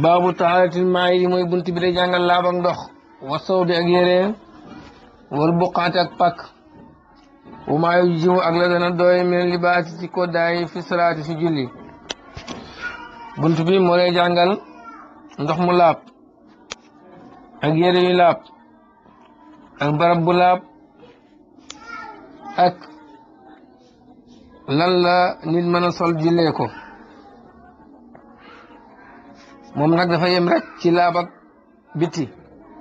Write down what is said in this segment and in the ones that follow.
baabu taxaaratil maa yi mooy bunt bi day jàngal laab ak ndox wa sawdi ak yére wal buqaati ak pàkk wu maa yu ak la doy mel libaati ci ko daay fi salaati si julli bunt bi moo jàngal ndox mu laab ak yére yu laab ak barab bu laab ak lan la nit mën a sol jullee ko moom nag dafa yem rek ci laab ak biti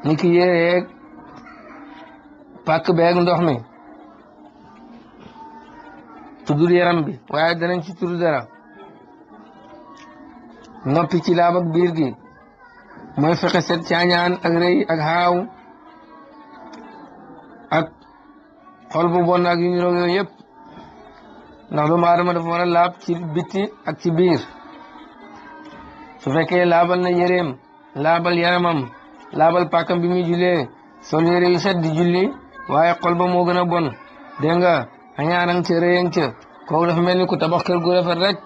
ni ki yéeyeeg pàkk beeg ndox mi tuddul yaram bi waaye danañ ci tudd dara noppi ci laab ak biir gi mooy fexe set caañaan ak rëy ak xaaw ak xol bu bon ak yu ñu roog yooyu yëpp ndax doomu aadama dafa war a laab ci ak ci biir su fekkee laabal na yéreem laabal yaramam laabal pàkkam bi muy jullee sol yére yu set di julli waaye xol ba moo gën a bon dégg nga añaanang ca réyang ca kooku dafa mel ni ku tabax kër gu rafet rek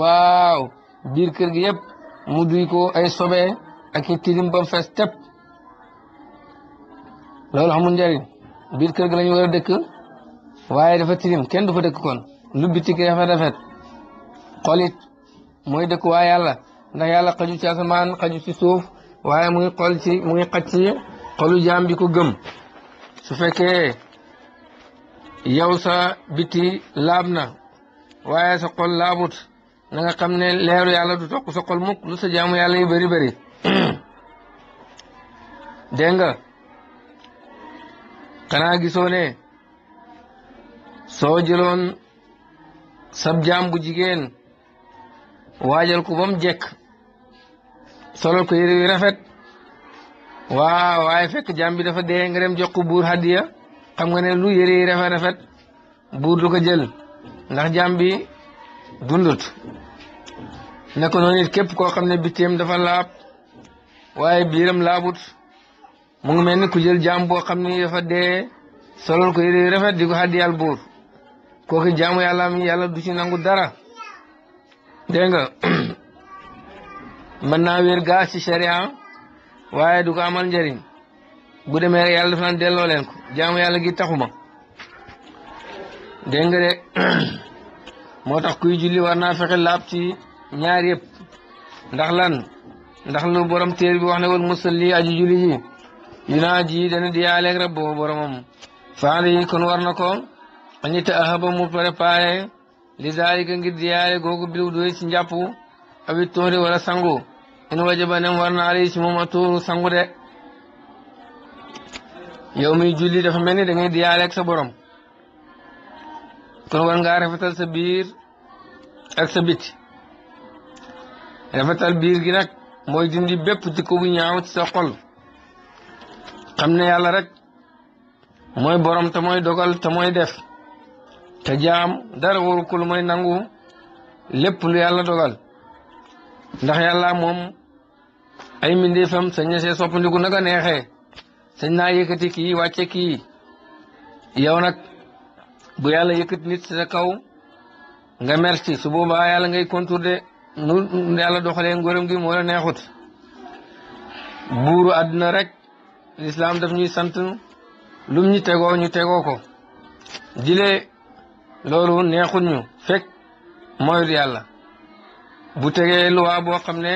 waaw biir kër gi yëpp mu duy ko ay sobe ak i tilim ba fees tepp loolu xamul njariñ biir kër gi la ñu war a dëkk waaye dafa tilim kenn du fa dëkk kon lu biti ki rafet rafet mooy dëkk waa yàlla na yàlla xaju ci asamaan xaju ci suuf waaye mu ngi xool ci mu ngi xaj xolu jaam bi ko gëm su fekkee yow sa biti laab na waaye sa xol laabut na nga xam ne leeru yàlla du toq sa xol mukk lu sa jaamu yàlla yu bëri bëri dégg nga xanaa soo jëloon sab jaam bu jigéen waajal ko bam jekk solal ko yére yu rafet waaw waaye fekk jàmm bi dafa dee nga dem jox ko buur hadiya xam nga ne lu yére yu rafet rafet buur du ko jël ndax jàmm bi dundut ne ko noonu it képp koo xam ne bitteem dafa laab waaye biiram laabut mu ngi mel ni ku jël jaam boo xam ni dafa dee solal ko yére yu rafet di ko hadiyaal buur kooku jaamu yàlla am yàlla du ci nangu dara dégg nga mën naa wér gaa ci sharia waaye du amal njëriñ bu demee rek yàlla dafa naan delloo leen ko jaamu yàlla gi taxuma dégg nga de moo tax kuy julli war naa fexe ci ñaar yëpp ndax lan ndax lu borom téer bi wax ne wal musalli aji julli ji yunaa ji dana diyaaleeg rab boobu boromam kon war na ko añi ta ahaba mu préparé li daalika ngir diyaale googu bil doy ci njàpp awit tóore wala sangu in wajaba nem war na alay si moom a tuuru sangu de yow mi dafa mel ni da ngay diyaale sa borom kon war ngaa rafetal sa biir ak sa biti rafetal biir gi nag mooy dindi bépp jikko bu ñaaw ci sa xol xam ne yàlla rek mooy borom te dogal te mooy def te jaam dara waru mooy nangu lépp lu yàlla dogal ndax yàlla moom ay mbindeefam sañ na see soppandiku a neexee sañ naa yëkkati kii wàcce kii yow nag bu yàlla yëkkati nit sa kaw nga merci su boobaa yàlla ngay contourné nu yàlla doxalee ngóoram gi moo la neexut buuru àddina rek lislaam daf ñuy sant lum ñu tegoo ñu tegoo ko jile loolu neexut ñu fekk mooyut yàlla bu tegee luwaa boo xam ne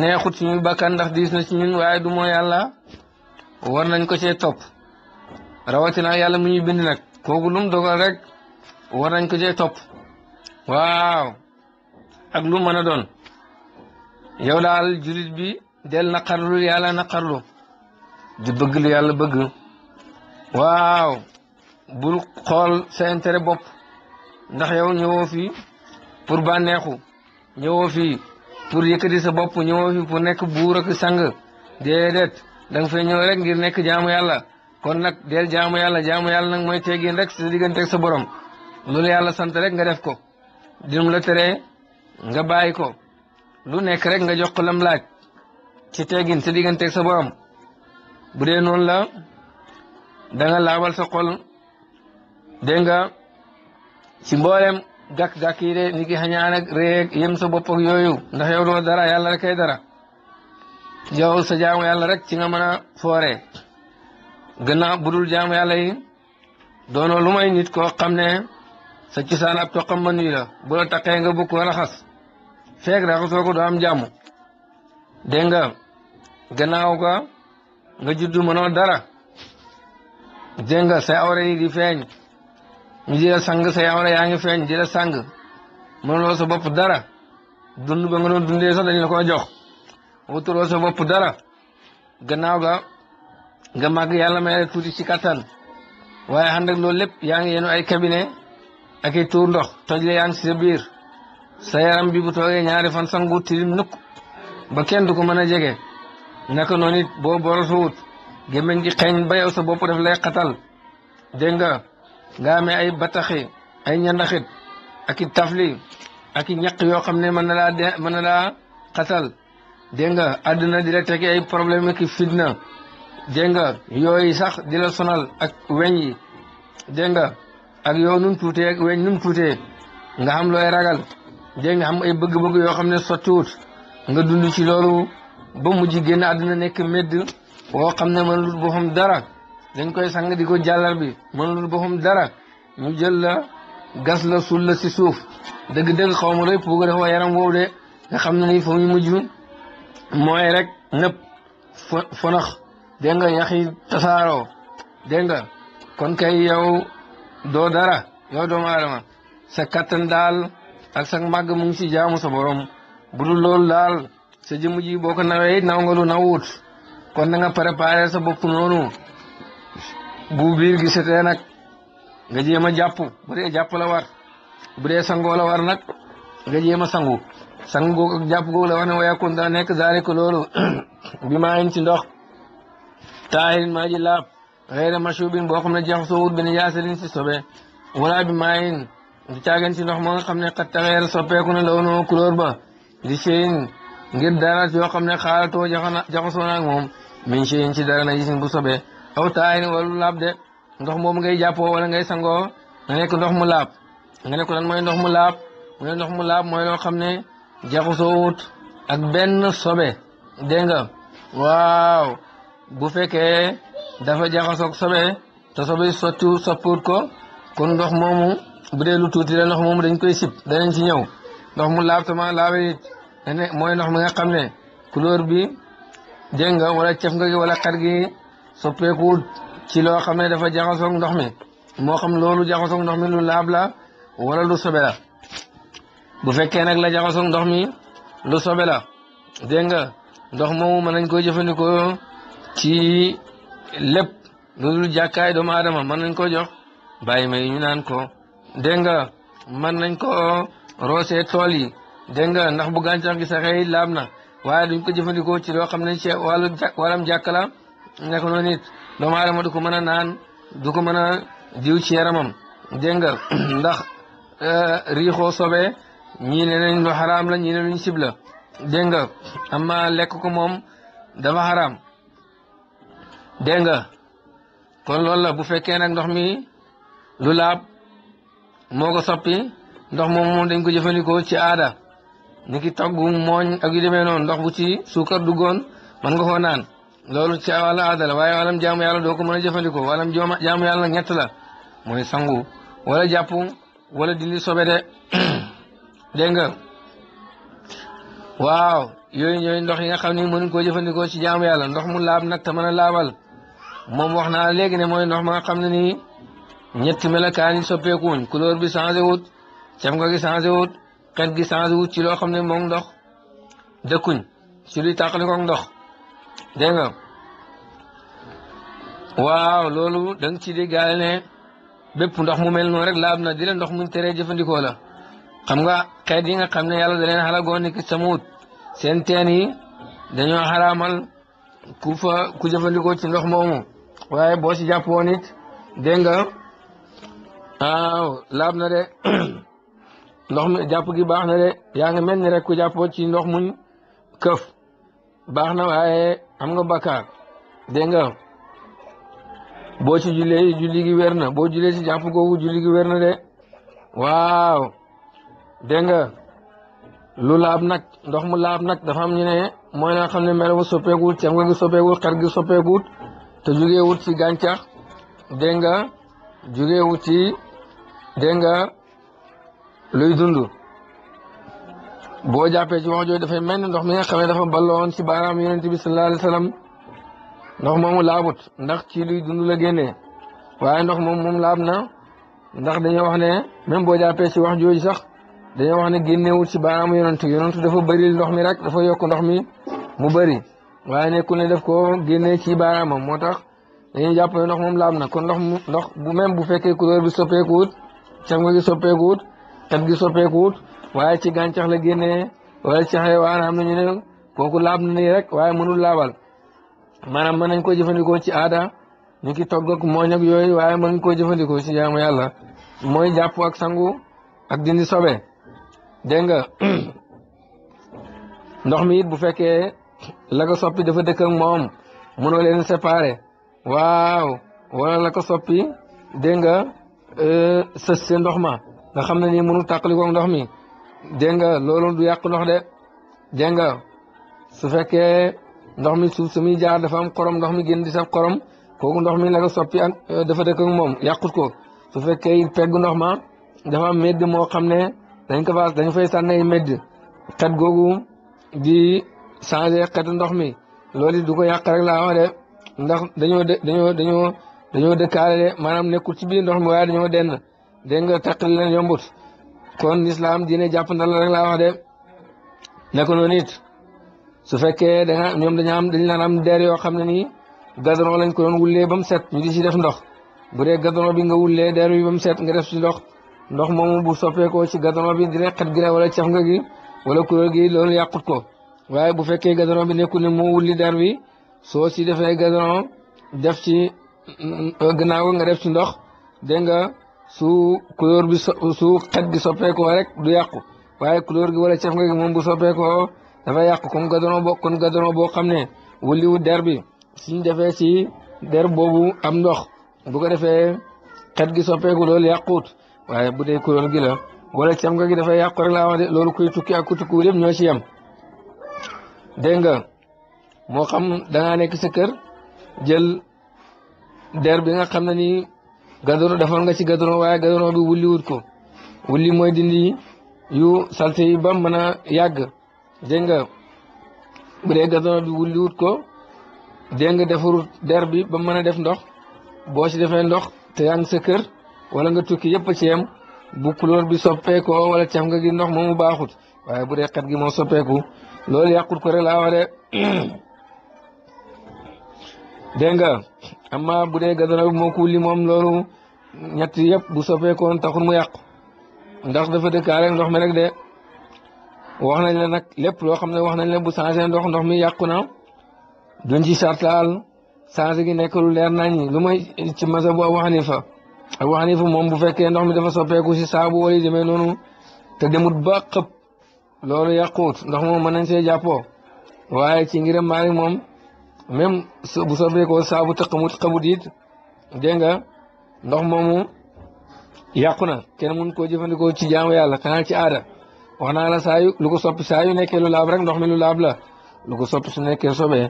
neexut suñu bakkan ndax diis na ci ñun waaye du moo yàlla war nañ ko cee topp rawatina yàlla mu ñuy bindi nag kooku lum dogal rek war nañ ko cee topp waaw ak lu mën a doon yow daal julit bi del naqarlu yàlla naqarlu di bëgg lu yàlla bëgg waaw bul xool sa intérêt bopp ndax yow ñëwoo fi pour bànneexu ñëwoo fi pour yëkkati sa bopp ñëwoo fi pour nekk buur ak sang déedéet da nga ñëw rek ngir nekk jaamu yàlla kon nag deel jaamu yàlla jaamu yàlla nag mooy teggin rek sa diggante ak sa borom loolu yàlla sant rek nga def ko dinum la tere nga bàyyi ko lu nekk rek nga jox ko lam laaj ci tegin sa diggante ak sa borom bu dee noonu la da laabal sa xol dégg mboolem gàkk-gàkk yi de ni ki xañaan ak yem sa bopp yooyu ndax yow doo dara yàlla rek ay dara yow sa jaamu yàlla rek ci nga mën a foore gannaaw budul jaamu yàlla yi doonoo lu may nit koo xam ne sa cosaan ab toqam ba nuyu la bu la nga bukk raxas feeg raxasoo doo am jàmm dégg gannaaw ga nga juddu mënoo dara dégg nga sa awra yi di feeñ ñu di la sang sa yaram yaa ngi feeñ di la sang mënuloo sa bopp dara dund ba nga doon dundee sax dañ la ko jox wutuloo sa bopp dara gannaaw ga nga màgg yàlla may tuuti ci kattan waaye ànd ak loolu lépp yaa ngi yenu ay cabinet ak i tuur ndox toj la yaa ngi si sa biir sa yaram bi bu toogee ñaari fan sangu tilim nukk ba kenn du ko mën a jege naka noonu it boo borasuwut gémmiñ gi xeeñ bay yow sa bopp daf lay xatal dégg nga nga amee ay bataxi ay ñandaxit ak i tafli ak ñaq yoo xam ne mën na laa de mën na laa xatal dégg nga àdduna di la ay problème ki fitna dégg nga sax di la sonal ak weñ yi dégg nga ak yow nu mu weñ nu mu nga xam looy ragal dégg nga xam ay bëgg-bëgg yoo xam ne sottiwut nga dund ci loolu ba mujj génn àdduna nekk medd woo xam ne mënul boppam dara dañ koy sang di ko jàllar bi mënul boppam dara ñu jël la gas la suul la si suuf dëgg-dëgg xaw ma looy pour dafa yaram woowu de nga xam ne nii foofu ñu mujj mooy rek nëpp fo fonax dégg nga yax yi tasaaroo dégg nga kon kay yow doo dara yow doomu aadama sa kattan daal ak sa màgg mu ngi si jaamu sa borom bu dul lool daal sa jëmm ji boo ko nawee it naw nga lu nawut kon na nga préparé sa bopp noonu. bu biir gi setee nag nga jéem a jàpp bu dee jàpp war bu dee sangoo la war nag nga jéem a sangu sangu googu jàpp googu la war ne wayakun daa nekk zaalika loolu bi maa ngi ci ndox taahirin maa ji laab xëyra mashubin boo xam ne jaxasoo wut bi ne yaasalin si sobe wala bi maa ngi di caagan ci ndox moo nga xam ne xat taxeer soppeeku na lawno couleur ba di seen ngir dara yoo xam ne xaalatoo jaxasoo naag moom min seen ci dara na gisin bu sobee aw taay ni warul laab de ndox moom ngay jàppoo wala ngay sangoo nga nekk ndox mu laab nga ne ko mooy ndox mu laab mu ndox mu laab mooy loo xam ne jaxasoo wut ak benn sobe dégg nga waaw fekkee dafa jaxasoog sobe te sobe sotti ko kon ndox moomu bu dee tuuti la ndox moomu dañ koy sib danañ ci ñëw ndox mu laab tama laabe it mooy ndox mi nga xam ne couleur bi dégg nga wala cef nga gi wala xar gi soppeekuwut ci loo xam ne dafa jaxasoog ndox mi moo xam loolu jaxasoog ndox mi lu laab la wala lu sobe bu fekkee nag la jaxasoog ndox mi lu sobe la dégg nga ndox moomu mën nañ ko jëfandikoo ci lépp lu dul jàkkaay doomu aadama mën nañ ko jox bàyyi ma ñu naan ko dégg nga mën nañ ko roosee tool yi dégg nga ndax bu gàncax gi saxee laab na wa duñ ko jëfandikoo ci loo xam ne ci wàllu wàllam jàkka nekk noonu it ma aadama du ko mën a naan du ko mën a diw ci yaramam dégg nga ndax euh, riixoo sobe ñii ne nañ lu xaraam la ñii ne luñ sibla la dégg lekk ko moom dafa xaraam dégg nga kon loolu la bu fekkee nag ndox mi lu laab moo ko soppi ndox moom moom dañ ko jëfandikoo ci aada ni ki togg mooñ ak demee noonu ndox bu ci suukar duggoon mën nga koo naan loolu ci wàllu aada la waaye wàllam jaamu yàlla doo ko mën a ñett la mooy sangu wala jàpp wala dindi sobe de dégg nga waaw yooyu ñooyu ndox yi nga xam ni mënuñ koo jëfandikoo ci jaamu yàlla ndox mu laab nag te mën a laabal moom wax naa léegi ne mooy ndox ma nga xam ne nii ñetti melokaan yi soppeekuwuñ couleur bi changé wut cam ko gi changé wut xet gi changé wut ci loo xam ne moom ndox dëkkuñ ci luy tàqali ndox dégg nga waaw loolu da nga ci déggaale ne bépp ndox mu mel noonu rek laab na di la ndox muñ teree jëfandikoo la xam nga xeet yi nga xam ne yàlla da leen xalagoon ni ki samuut seen teen yi dañoo xaraamal ku fa ku jëfandikoo ci ndox moomu waaye boo si jàppoon it dégg nga waaw laab na de ndox mu jàpp gi baax na de yaa ngi mel ni rek ku jàppoo ci ndox mu këf baax na waaye xam nga bàkkaar dégg nga boo ci jullee julli gi wér na boo jullee ci jàpp googu julli gi wér na de waaw dégg nga lu laab nag ndox mu laab nag dafa am ñu ne mooy la xam ne melawu soppeekuut nga gi soppeekuut xar gi soppeekuut te jugeewut ci gàncax dégg nga jugeewut ci dégg nga luy dund boo jàppee ci wax jooju dafay mel ne ndox mi nga xam ne dafa balloon ci baaraam yonent bi sallallahu alayhi wa sallam ndox moomu laabut ndax ci luy dund la génnee waaye ndox moom moom laab na ndax dañoo wax ne même boo jàppee ci wax jooju sax dañoo wax ne génneewul ci baaraamu yonent yonent dafa bëril ndox mi rek dafa yokk ndox mi mu bëri waaye nekkul ne daf koo génnee ci baaraamam moo tax dañuy jàpp ndox moom laab na kon ndox mu ndox bu même bu fekkee couleur bi soppeekuwut nga gi soppeekuwut xet gi soppeekuwut waaye ci gàncax la génnee wala ci xayawaan am nañu ne kooku laab na nii rek waaye mënul laabal maanaam mën nañ ko jëfandikoo ci aada ñu ki togg ak mooñ yooyu waaye mën nañ koo jëfandikoo ci jaamu yàlla mooy jàpp ak sangu ak dindi sobe dégg nga ndox mi it bu fekkee la soppi dafa dëkk moom mënoo leen séparé waaw wala la soppi dégg nga euh, sës si ndox ma nga xam ne nii mënu tàqali ko ndox mi dégg nga loolu du yàq ndox de dégg su fekkee ndox mi suuf su muy jaar dafa am xorom ndox mi génn di saf xorom kooku ndox mi la ko soppi ak euh, dafa dëkk moom yàqut ko su fekkee pegg ndox ma dafa am medd moo xam ne dañ ko faas dañ fay sànni ay medd xet googu di changé xetu ndox mi loolu du ko yàq rek laa wax de ndax dañoo dañoo dañoo dañoo dëkkaale de maanaam nekkul ci biir ndox mi waaye dañoo denn dégg nga taqali leen yombut kon lislaam diine jàpp ndal rek laa wax de nekk noonu su fekkee da nga ñoom dañu am dañu naan am der yoo xam ne nii gadron lañ ko doon wullee ba mu set ñu di ci def ndox bu dee gadron bi nga wullee der bi ba set nga def si ndox ndox moomu bu soppeekoo ci gadron bi dina xet wala caf nga gi wala kuréel gi loolu yàqut ko waaye bu fekkee gadron bi nekkul ne moo wulli der bi soo ci defee gadron def ci gannaaw nga def ci ndox dégg nga su couleur bi su xet gi soppeekoo rek du yàqu waaye couleur gi wala caf nga gi moom bu soppeekoo dafa yàqu comme gadonoo boo kon gadonoo boo xam ne wëliwu der bi suñ defee si der boobu am ndox bu ko defee xet gi soppeeku loolu yàquut waaye bu dee couleur gi la wala caf nga gi dafa yàqu rek laa wax de loolu kuy tukki ak ku tukkiwul ñoo ci yem dégg moo xam dangaa nekk sa kër jël der nga xam ne nii gadoro defoon nga ci gadoro waaye gadoro bi wulli wut ko wulli mooy dindi yu salte yi ba mën a yàgg dégg nga bu dee gadoro bi wulli wut ko dégg nga defarut der bi ba mën a def ndox boo ci defee ndox te yaa ngi sa kër wala nga tukki yëpp a ci yem bu couleur bi soppeekoo wala caf nga gi ndox moomu baaxut waaye bu dee xet gi moo soppeeku loolu yàqut ko rek laa wax de dégg nga amma bu dee gadara moo ko li moom loolu ñett yëpp bu soppeekoon taxul mu yàqu ndax dafa dëkkaale ndox mi rek de wax nañ la nag lépp loo xam ne wax nañ la bu changé ndox ndox mi yàqu na duñ ci sartaal changé gi nekk lu leer nañ lu may ci masa bu Abu Hanifa Abu Hanifa moom bu fekkee ndox mi dafa soppeeku si saabu wala demee noonu te demut ba xëpp loolu yàquut ndox moom mën nañ see jàppoo waaye ci ngiram moom même bu soobee ko saabu te xamut xamut it dégg nga ndox moomu yàqu na kenn mun koo jëfandikoo ci jaamu yàlla xanaa ci aada wax naa la saa yu lu ko soppi saa yu nekkee lu laab rek ndox mi lu laab la lu ko soppi su nekkee sobee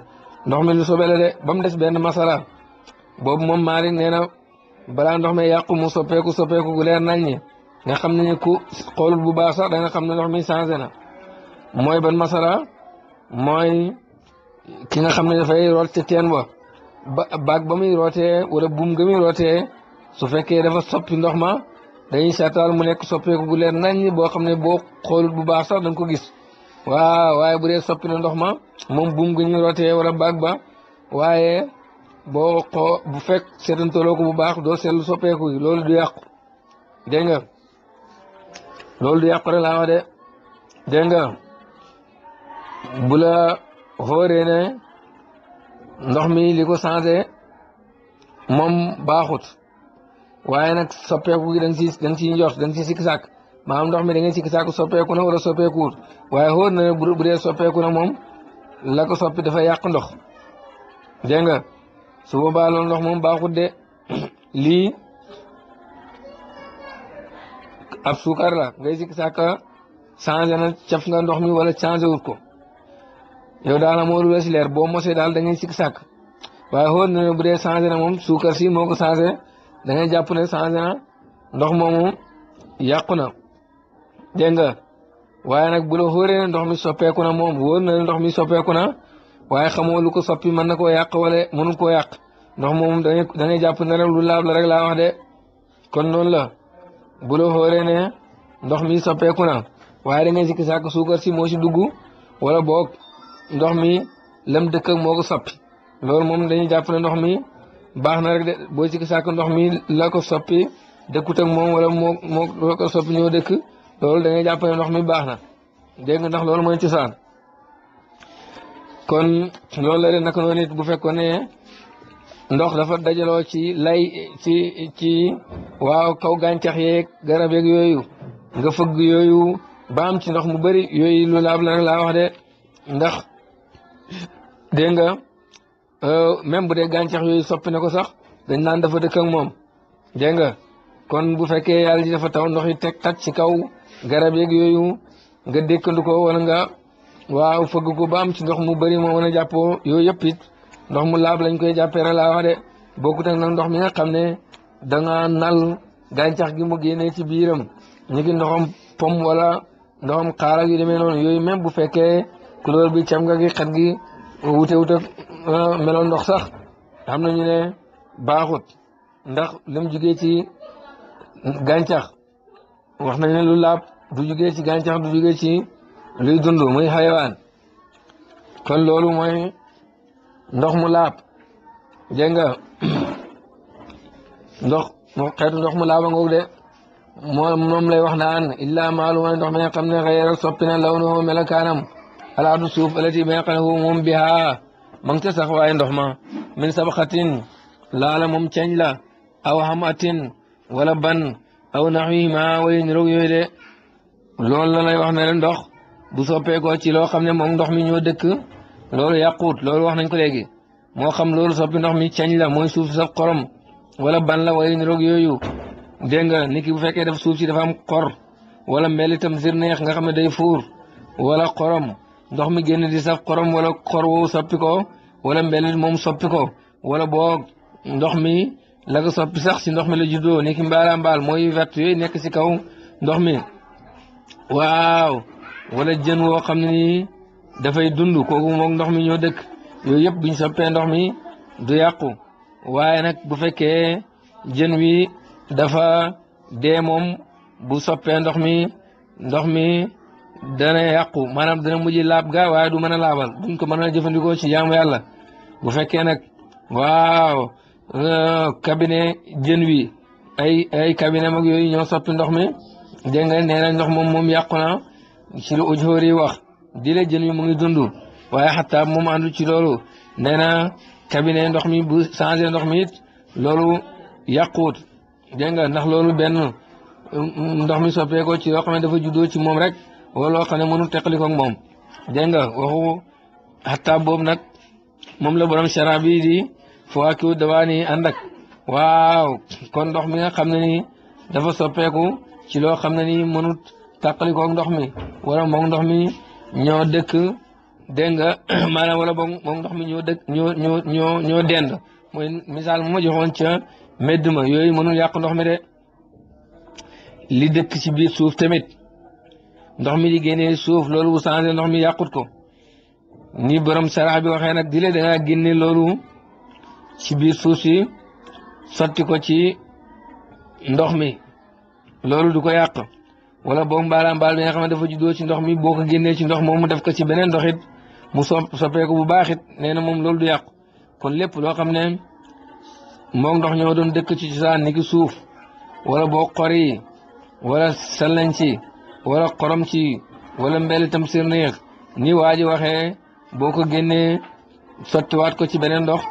ndox mi lu sobee la de ba mu des benn masala boobu moom Maalik nee na balaa ndox mi yàqu mu soppeeku soppeeku gu leer nañ ñi nga xam ne ni ku xoolul bu baax sax da xam ne ndox mi changé na mooy ban masala mooy. ki nga xam ne dafay root ca teen ba ba baag ba muy rootee wala buum ga muy rootee su fekkee dafa soppi ndox ma dañuy seetaan mu nekk soppeeku gu leer nañ boo xam ne boo xoolut bu baax sax da ko gis waaw waaye bu dee soppi ndox ma moom buum ga ñuy rootee wala baag ba waaye boo xoo bu fekk seetantaloo ko bu baax doo seetlu soppeeku yi loolu du yàqu dégg nga loolu du yàqu rek laa wax de dégg nga xóoree ne ndox mi li ko changé moom baaxut waaye nag soppeeku gi da si da nga siy njort si sikki sàkk maanaam ndox mi da nga sikki sàkk soppeeku na wala soppeekuwut waaye xóor na ne bu dee soppeeku na moom la ko soppi dafa yàq ndox dégg nga su boobaa ndox moom baaxut de lii ab suukar la ngay sikki sàkk changé na caf nga ndox mi wala changé wut ko yow daal amoo lu wees leer boo mosee daal da ngay sikk sàkk waaye xool na bu dee changé na moom suukar si moo ko changé da ngay jàpp na ndox moomu yàqu na dégg nga waaye nag bu la ne ndox mi soppeeku na moom wóor na ndox mi soppeeku na waaye xamoo lu ko soppi mën na koo yàq wala mënu koo yàq ndox moom da ngay da ngay jàpp ne rek lu laab la rek laa wax de kon noonu la bu la ne ndox mi soppeeku na waaye da ngay sikk suukar si moo si dugg wala boog ndox mi lam dëkk ak moo soppi loolu moom dañuy jàpp ne ndox mi baax na rek de boo ci sàkk ndox mi la ko soppi dëkkut moom wala moo moo la ñoo dëkk loolu da ngay jàpp ne ndox mi baax na dégg nga ndax loolu mooy cosaan kon loolu la de naka noonu bu fekkoon ne ndox dafa dajaloo ci lay ci ci waaw kaw gàncax yeeg garab yeeg yooyu nga fëgg yooyu baam ci ndox mu bari yooyu lu laab la rek laa wax de ndax dégg nga euh, même bu dee gàncax yooyu soppine ko sax dañ naan dafa dëkk ak moom dégg nga kon bu fekkee yàlla ji dafa taw ndox yi teg taj ci kaw garab yeeg yooyu nga dékkandu ko wala nga waaw fëgg ko ba am ci ndox mu bëri moo mën a jàppoo yooyu yëpp it ndox mu laab lañ koy jàppee rek laa wax de bokkut ak nag ndox mi nga xam ne danga nga nal gàncax gi mu génnee ci biiram ñu ngi ndoxam pom wala ndoxam xaaral yu demee noonu yooyu même bu fekkee. couleur bi cam ga gi xet gi wute wute meloon ndox sax xam nañu ne baaxut ndax lim jugee ci gàncax wax nañ ne lu laab du jugee ci gàncax du jugee ci luy dund muy xayawaan kon loolu mooy ndox mu laab dégg nga ndox xeetu ndox mu laaba ngoog de moom moom lay wax naan illa maalu mooy ndox mi nga xam ne xëy na soppi na law na melakaanam alaadu suuf alati bi nga ne moom bi haa ma ngi sax waaye ndox ma min sabxatin laala moom ceeñ la aw hamatin wala ban aw naxwihima way niroog yooyu de loolu la lay wax ne ndox bu soppeekoo ci loo xam ne moom ndox mi ñoo dëkk loolu yàquut lool wax nañ ko léegi moo xam loolu soppi ndox mi ceeñ la mooy suuf saf xorom wala ban la way niroog yooyu dégg nga nit ki bu fekkee def suuf si dafa am xor wala mel tam sir neex nga xam ne day fuur wala xorom ndox mi génn di sax xorom wala xor woowu soppi ko wala mbelit moom soppi ko wala boog ndox mi la ko soppi sax si ndox mi la juddoo ni ki mbaala mbaal mooy vert yooyu nekk si kaw ndox mi waaw wala jën woo xam ne nii dafay dund kooku moog ndox mi ñoo dëkk yooyu yëpp buñ soppee ndox mi du yàqu waaye nag bu fekkee jën wi dafa dee moom bu soppee ndox mi ndox mi dana yàqu maanaam dana mujj laab ga waaye du mën a laabal duñ ko mën a jëfandikoo ci jaamu yàlla bu fekkee nag waaw euh, cabinet jën wi ay ay cabinet mag yooyu ñoo soppi ndox mi dégg nga nee na ndox moom moom yàqu na ci lu yi wax di jën wi mu ngi dund waaye xataa moom àndu ci loolu nee na cabinet ndox mi bu changé ndox mi it loolu yàquut dégg nga ndax loolu benn ndox mi soppeekoo ci yoo xam ne dafa juddoo ci moom rek wala loo xam ne mënul teqali moom dégg nga waxu xataa boobu nag moom la borom shara bi di fawaakihu dawaani ànd ak waaw kon ndox mi nga xam na nii dafa soppeeku ci loo xam ne ni mënut tàqali koog ndox mi wala moog ndox mi ñoo dëkk dégg nga maanaam wala boog moog ndox mi ñoo dëkk ñoo ñoo dend mooy misaal mu ma joxoon ca medd ma yooyu mënul yàq ndox mi de li dëkk ci biir suuf tamit ndox mi di génne suuf loolu bu changé ndox mi yàqut ko ni borom sarax bi waxee nag di le dangaa génne loolu ci biir suuf si sotti ko ci ndox mi loolu du ko yàq wala boog mbaalaam mbaal bi nga xam ne dafa juddoo ci ndox mi boo ko génnee ci ndox moomu def ko ci beneen ndox it mu soppeeku bu baax it nee na moom loolu du yàqu kon lépp loo xam ne moom ndox ñoo doon dëkk ci cosaan ni ki suuf wala boog xor yi wala salanci wala xorom ci wala mbel tam na neex ni waa ji waxee boo ko génnee sottiwaat ko ci beneen ndox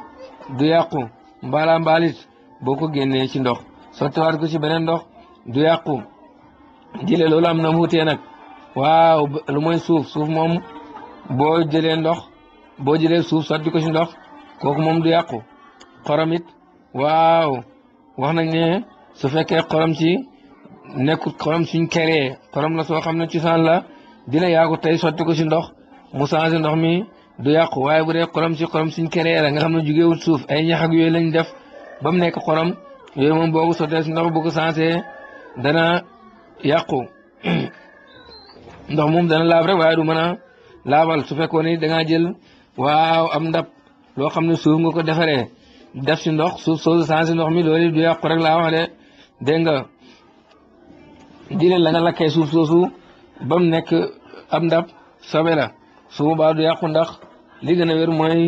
du yàqu mbaala mbaalit boo ko génnee ci ndox sottiwaat ko ci beneen ndox du yàqu jëlee loolu am na mu wutee nag waaw lu mooy suuf suuf moom boo jëlee ndox boo jëlee suuf sotti ko ci ndox kooku moom du yàqu waaw wax nañ ne su fekkee ci nekkut xorom suñ keree korom la soo xam ne cosaan la dina yaagu tey sotti ko si ndox mu changé ndox mi du yàqu waaye bu dee xorom si xorom suñ keree la nga xam ne jugewut suuf ay ñax yooyu lañ def ba mu nekk korom yooyu moom boo ko sottee si ndox bu ko changé dana yàqu ndox moom dana laab waaye du mën a laabal su fekkoon ni da jël waaw am ndab loo xam ne suuf ko defaree def si ndox suuf soosu changé ndox mi loolu du yàqu rek laa wax de dégg nga jëlee la nga lakkee suuf soosu ba nekk ab ndab sobe la su boobaa du yàqu ndax li gën a wér mooy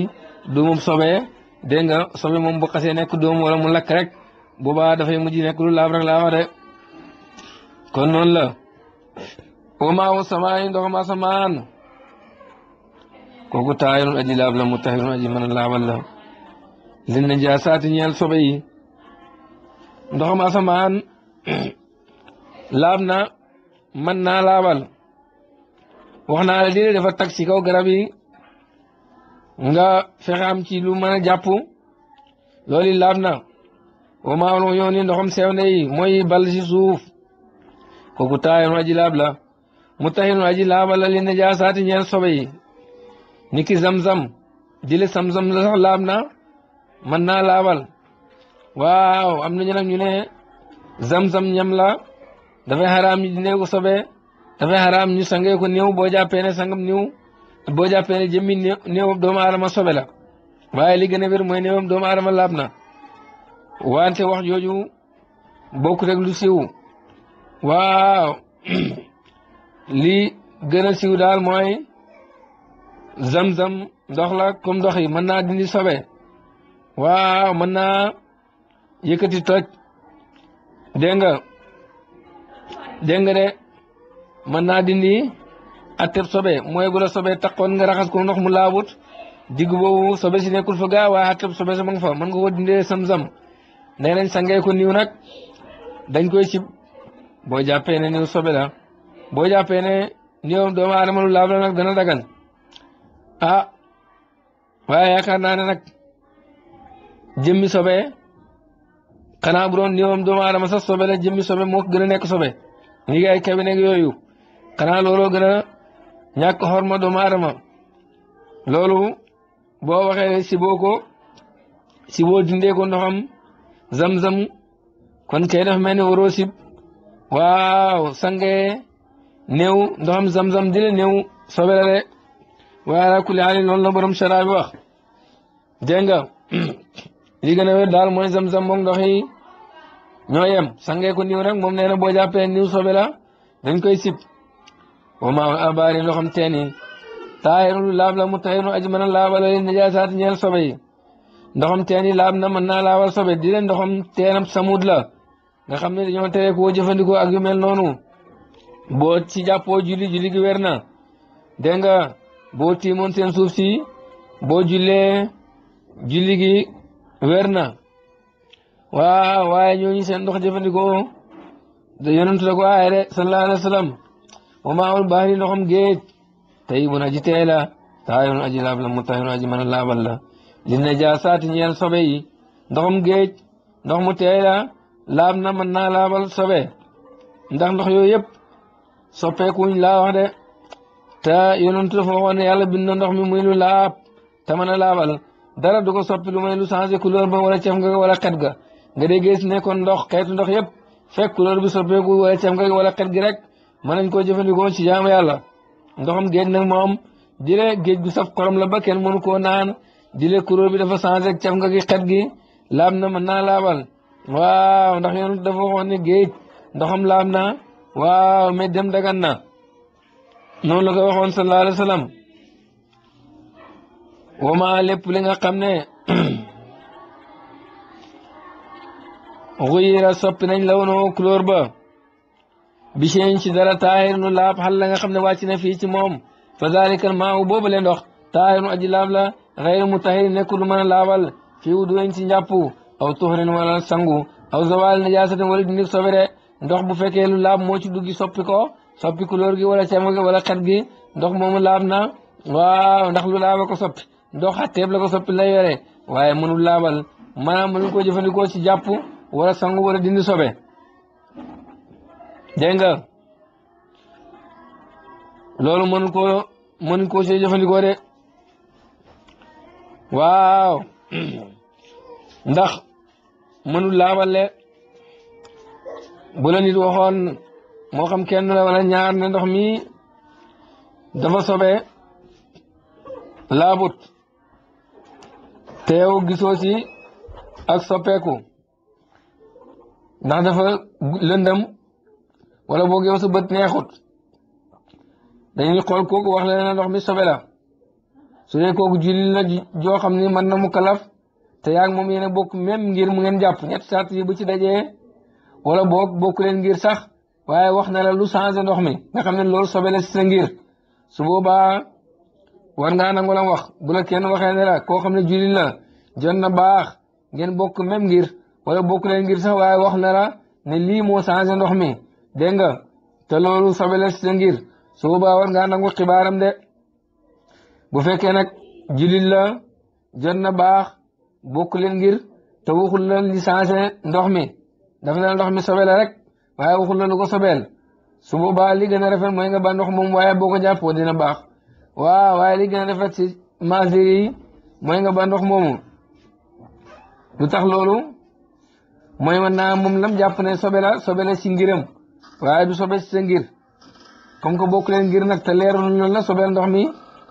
doomam sobe dégg nga moom bu xasee nekk doom wala mu lakk rek boobaa dafay mujj nekk lu laab rek de kon noonu la wamaawu samaay ndoxam asamaan kooku taayirun aji laab la mu taayirun aji mën a laabal la li najaasaati ñeel sobe yi ndoxam laab na man naa laabal wax naa la dina dafa tag si kaw garab yi nga fexe am ci lu mën a jàpp loolu laab na wa maa woon yoon yi ndoxam sew na yi mooy bal si suuf kooku taayoon aji laab la mu tayoon aji laabal la li najaasaati ñeen sobe yi ni ki zamzam jële samsam laab na mën naa laabal waaw am na ñu nag ñu ne ñam la dafay xaraam ñu dindee ko sobee dafay xaraam ñu sangee ko néew boo jàppee ne sangam néew boo jàppee jëmmi néewam doomu aadama sobe la waaye li gën a wér mooy néewam doomu aadama laab na wante wax jooju bokk rek lu siiw waaw li gën a siiw daal mooy zam-zam ndox la comme ndox yi mën naa dindi sobe waaw mën naa yëkkati toj dégg dégg nga de mën naa dindi atteb sobe mooy bu la sobe takkoon nga raxas ko ndox mu laabut digg boobu sobe si nekkul fa gaa waaye atteb sobe sa ma nga fa mën nga ko dindee sam-sam nee nañ sangee ko niw nag dañ koy cib boo jàppee ne niw sobe la boo jàppee ne niw doomu aadama lu laab la nag dana dagan a ah, waaye yaakaar naa ne nag jëmmi sobe xanaa bu doon niwam doomu aadama sax sobe la jëmmi sobe mook gën a nekk sobe ñu ngi ay yooyu xanaa looloo gën a ñàkk doomu aadama loolu boo waxee si boo ko si boo ndoxam zam-zam kon kay dafa mel ni waaw sangee néew ndoxam zam-zam di la néew sobe la de waaye ala kulli haal wax dégg nga li gën a daal mooy zam-zam moom ndox yi ñoo yem sangee ko niw nag moom nee na boo jàppee niw sobe la dañ koy sib wa ma abaari loo xam teen yi la mu tahirun aji mën a laabala leen najaasaat ñeel sobe yi ndoxam yi laab na mën naa laabal sobe di leen ndoxam teenam samud la nga xam ne dañoo tere koo jëfandikoo ak yu mel noonu boo ci jàppoo julli julli gi wér na dégg nga boo tiimoon seen suuf si boo jullee julli gi na waa waaye ñooñu seen ndox jëfandikoo da yonent la ko aaye de sallallahu alayhi wa sallam wa maa'ul bahri ndoxam géej tayyibun aji teela taahirun aji laab la la li mu teela laab na mën naa laabal sobe ndax ndox yooyu yëpp soppeekuñ laa wax de te yonent dafa waxoon ne yàlla bind ndox mi muy lu laab te mën a laabal dara du ko soppi lu may lu changé couleur ba wala cef nga wala xet ga nga dee gis ne kon ndox xeetu ndox yëpp fekk couleur bi soppeeku wala cam nga wala xet gi rek mën nañ koo jëfandikoo ci jaamu yàlla ndoxam géej na moom dile géej gu saf xorom la ba kenn mënu koo naan dile couleur bi dafa changé ak nga gi xet gi laab na ma na laabal waaw ndax yoon dafa waxoon ne géej ndoxam laab na waaw mais dem dagan na noonu la ko waxoon sallallahu alayhi wa sallam wama lépp li nga xam ne xuyira soppi nañ lawnoo oh, couleur ba bichéen ci dara taahir nu laab xal la nga xam ne wàcc na fii ci moom fa dalika maa u ndox taahir nu la xayru mu tahir nekkul lu mën a laabal fii wu duweñ ci njàpp aw tuxrin wala sangu aw zawal najaasatin wala dindi sobere ndox bu fekkee lu laab moo ci duggi soppi ko soppi couleur gi wala cam gi wala xet gi ndox moomu laab na waaw ndax lu laaba ko soppi ndox xatteeb la ko soppi lay yore waaye mënul laabal maanaam mënul jëfandikoo ci jàpp wala sangu wala dindi sobe dégg loolu mën koo mën koo see jëfandikoo de waaw ndax mënul laabale bu la waxoon moo xam kenn la wala ñaar ne ndox mi dafa sobe laabut teew gisoo si ak soppeeku ndax dafa lëndam wala boog yow sa bët neexut dañuy xool kooku wax la ne ndox mi sobe la su kooku julli la joo xam ni mën na mu kalaf te yaa moom yéen a bokk même ngir mu ngeen jàpp ñett sart yi bu ci dajee wala boog bokk leen ngir sax waaye wax na la lu changé ndox mi nga xam ne lool sobe la si sa ngir su boobaa war ngaa nangu la wax bu la kenn waxee ne la koo xam ne julli la jot na baax ngeen bokk même ngir. wala bokk leen ngir sax waaye wax na ne lii moo changé ndox mi dégg nga te loolu sabale sa ngir su boobaa war ngaa nangu xibaaram de bu fekkee nag jullit la jot na baax bokk leen ngir te waxul la li changé ndox mi daf ne ndox mi sobel rek waaye waxul la lu ko sobel su boobaa li gën rafet mooy nga ba ndox moom waaye boo ko jàppoo dina baax waaw waaye li gën si masir yi nga ba ndox moomu lu tax loolu mooy ne man naa moom lam jàpp na sobe la si ngiram waaye du sobe si sa ngir comme que bokk leen ngir nag te leerul loolu la ndox mi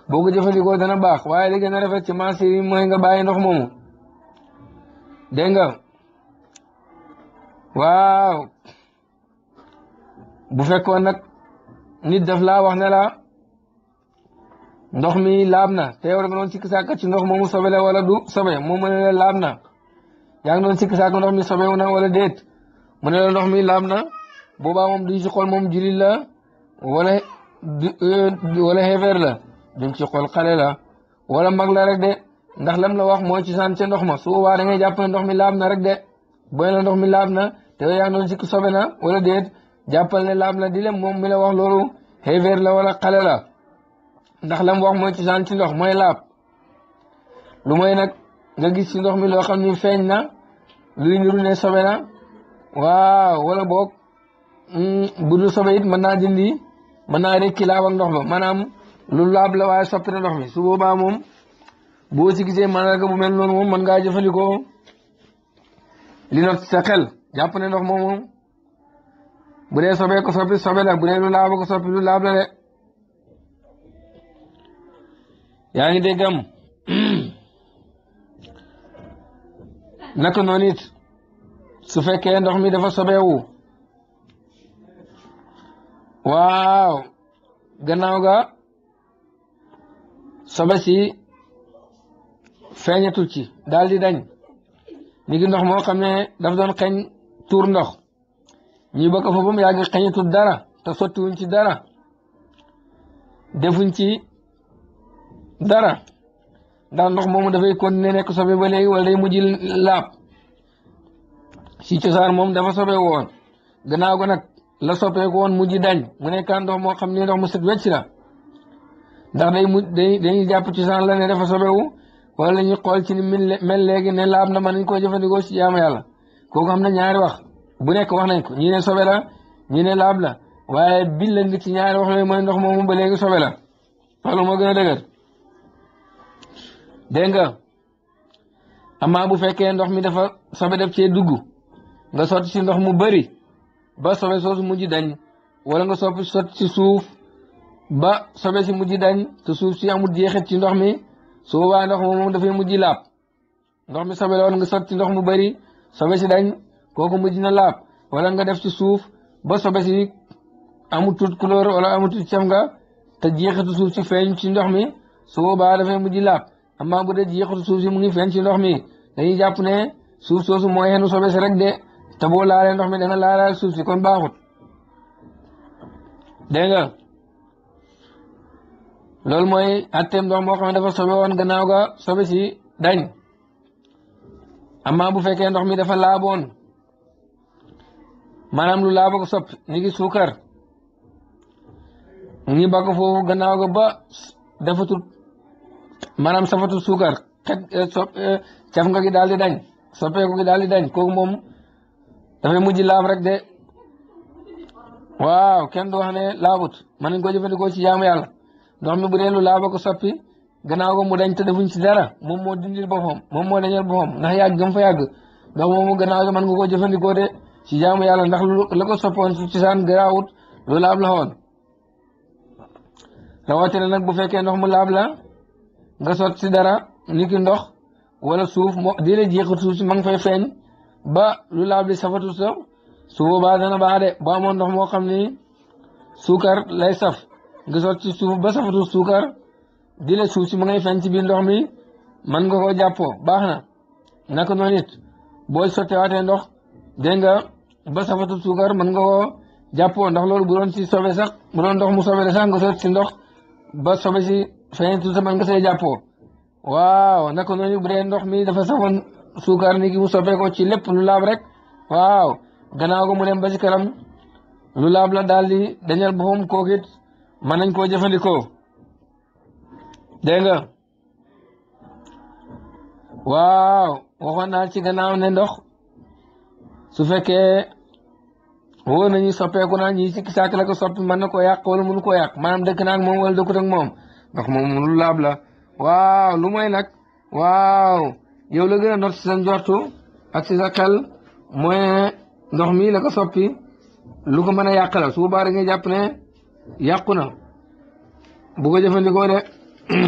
boo ko jëfandikoo dana baax waaye li gën a ci marché mooy nga bàyyi ndox moomu dégg nga waaw bu fekkoon nag nit daf laa wax ne la ndox mi laab na te yow da nga doon sikki ci ndox moomu sobe wala du sobe moom mu ne laab na yaa ngi doon sikk saak ndox mi sobewu na wala déet mu ne la ndox mi laab na boobaa moom duñ ci xool moom jullit la wala euh, wala xeefeer la duñ ci xool xale la wala mag la rek de ndax lam la wax moo ci saan ca ndox ma su boobaa da ngay jàpp ne ndox mi laab na rek de booy la ndox mi laab na te yaa ngi doon sikk sobe na wala déet jàppal ne laab na di leen moom mi la wax loolu xeefeer la wala xale la ndax lam wax moo ci saan ci ndox mooy laab lu mooy nag nga gis ci ndox mi loo xam ni feeñ na luy niru ne sobe waaw wala boog mm, bu dul sobe it mën naa dindi man naa rekki laab ak ndox ma maanaam lu laab la waaye soppi ndox mi su baa moom boo ci gisee mandarga bu mel noonu moom mën ngaa jëfandikoo li not sa xel jàpp ne ndox moom moom bu dee sobee ko soppi sobe bu dee lu laaba ko soppi lu laab la de yaa ngi déggam naka noonu it su fekkee ndox mi dafa sobewu waaw gannaaw ga sobe si feeñatul ci daal di dañ ni ndox moo xam ne daf doon xeeñ tuur ndox ñuy bokk fa ba mu yàgg xeeñatul dara te sottiwuñ ci dara defuñ ci dara ndax ndox moomu dafay continuer nekk sobe ba léegi wala day mujj laab si cosaan moom dafa sobe woon gannaaw ko nag la soppee woon mujj dañ mu nekkaan moo xam ne ndox mu set wecc la ndax day mujj day dañuy jàpp cosaan la ne dafa sobewu wala ñu xool ci ni mel léegi ne laab na man nañ koo jëfandikoo si jaamu yàlla kooku xam na ñaari wax bu nekk wax nañ ko ñi ne sobe la ñi ne laab la waaye biñ la nit ci ñaari wax yooyu mooy ndox moomu ba léegi sobe la loolu moo gën a dëgër dégg nga amaa bu fekkee ndox mi dafa sobe def cee dugg nga sotti ci ndox mu bëri ba sobe soosu mujj dañ wala nga soppi sotti ci suuf ba sobe mujj dañ te suuf si amul jeexit ci ndox mi su boobaa ndox moom moom dafay mujj laab ndox mi sobe la nga sotti ci ndox mu bëri sobe si dañ kooku mujj na laab walla nga def ci suuf ba sobe si amul tut couleur wala amul tut nga te jeexitu suuf si feeñ ci ndox mi su boobaa mujj laab amaa bu dee ci suuf si mu ngi feeñ ci ndox mi dañuy jàpp ne suuf soosu mooy xenu si rek de te boo laalee ndox mi da nga laalaal kon baaxut dégg nga loolu mooy atteem ndox moo xam dafa sobe woon gannaaw ga sobe si dañ amaa bu fekkee ndox mi dafa laaboon maanaam lu laaba ko soppi ni ngi suukar ñu bakk foofu gannaaw ga ba dafa tut maanaam safatu suukar xet eh, sop eh, caf nga gi daal di dañ soppeeku gi daal di dañ kooku moom dafay mujj laab rek de waaw kenn du wax ne laabut mën nañ ko jëfandikoo ci jaamu yàlla ndox bu dee lu ko soppi gannaaw ko mu dañ te defuñ ci dara moom moo dindil boppam moom moo dañal boppam ndax yàgg gëm fa yàgg ndox moomu gannaaw ko man nga koo jëfandikoo de ci jaamu yàlla ndax lu la ko soppoon su ci saan garaawut lu laab la woon rawatina nag bu fekkee ndox mu laab la nga sotti si dara ni ki ndox wala suuf moo di la jeexal suuf si ma nga fay feeñ ba lu laab li safatu sa su boobaa dana baax ba amoon ndox moo xam ni suukar lay saf nga sotti si suuf ba safatu suukar di la suuf si ma ngay feeñ ci biir ndox mi mën nga koo jàppoo baax na naka noonu it boo sotteewaatee ndox dégg nga ba safatu suukar mën nga koo jàppoo ndax loolu bu si sobe sax bu ndox mu sobe de sax nga sotti si ndox ba sobe si. feeñ tuuti man nga see jàppoo waaw naka noonu bu dee ndox mi dafa safoon suukar ni ki mu soppeekoo ci lépp lu laab rek waaw gannaaw ko mu dem ba ci lu laab la daal di dañal boppam kooku it mën nañ koo jëfandikoo dégg nga waaw waxoon naa ci gannaaw ne ndox su fekkee wóor nañu soppeeku naa ñi ci sàkk la ko soppi mën na koo yàq wala mënu koo yàq maanaam dëkk naa ak moom wala dëkkut ak moom. ndox moom lu laab la waaw lu mooy nag waaw yow la gën a not si sa njortu ak si sa xel mooy ndox mii la ko soppi lu ko mën a yàq la su boobaa ngay jàpp ne yàqu na bu ko jëfandikoo de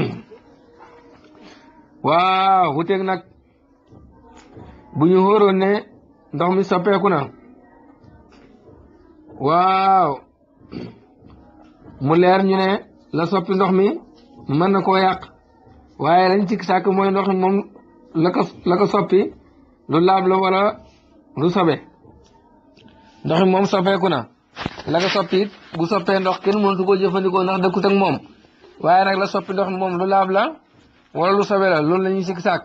waaw wuteeg nag bu ñu xóoroon ne ndox mi soppeeku na waaw mu leer ñu ne la soppi ndox mi mën na koo yàq waaye lañ ci sàkk mooy ndox moom la ko soppi lu laab la wala lu sobe ndox moom soppeeku na la ko bu soppee ndox kenn mënatu koo jëfandikoo ndax dëkkut ak moom waaye nag la soppi ndox moom lu laab la wala lu sobe la loolu la ñuy sikk sàkk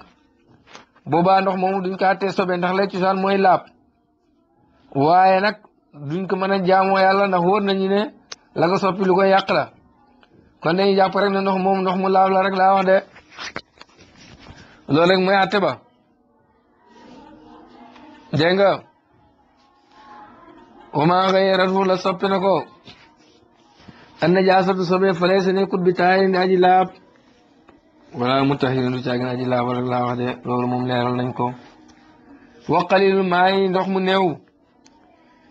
boobaa ndox moomu duñ ko àttee sobe ndax lay cosaan mooy laab waaye nag duñ ko mën a jaamoo yàlla ndax wóor nañu ne la ko soppi lu koy yàq la kon dañuy jàpp rek ne ndox moom ndox mu laaw la rek laa wax de loolu rek mooy àtte ba dégg nga wama xayratu la soppi na ko an najaasatu sobe fale se nekkut bi taay ni aji laab wala mu tax du caagin aji laab rek laa wax de loolu moom leeral nañ ko wa qalil maay ndox mu néew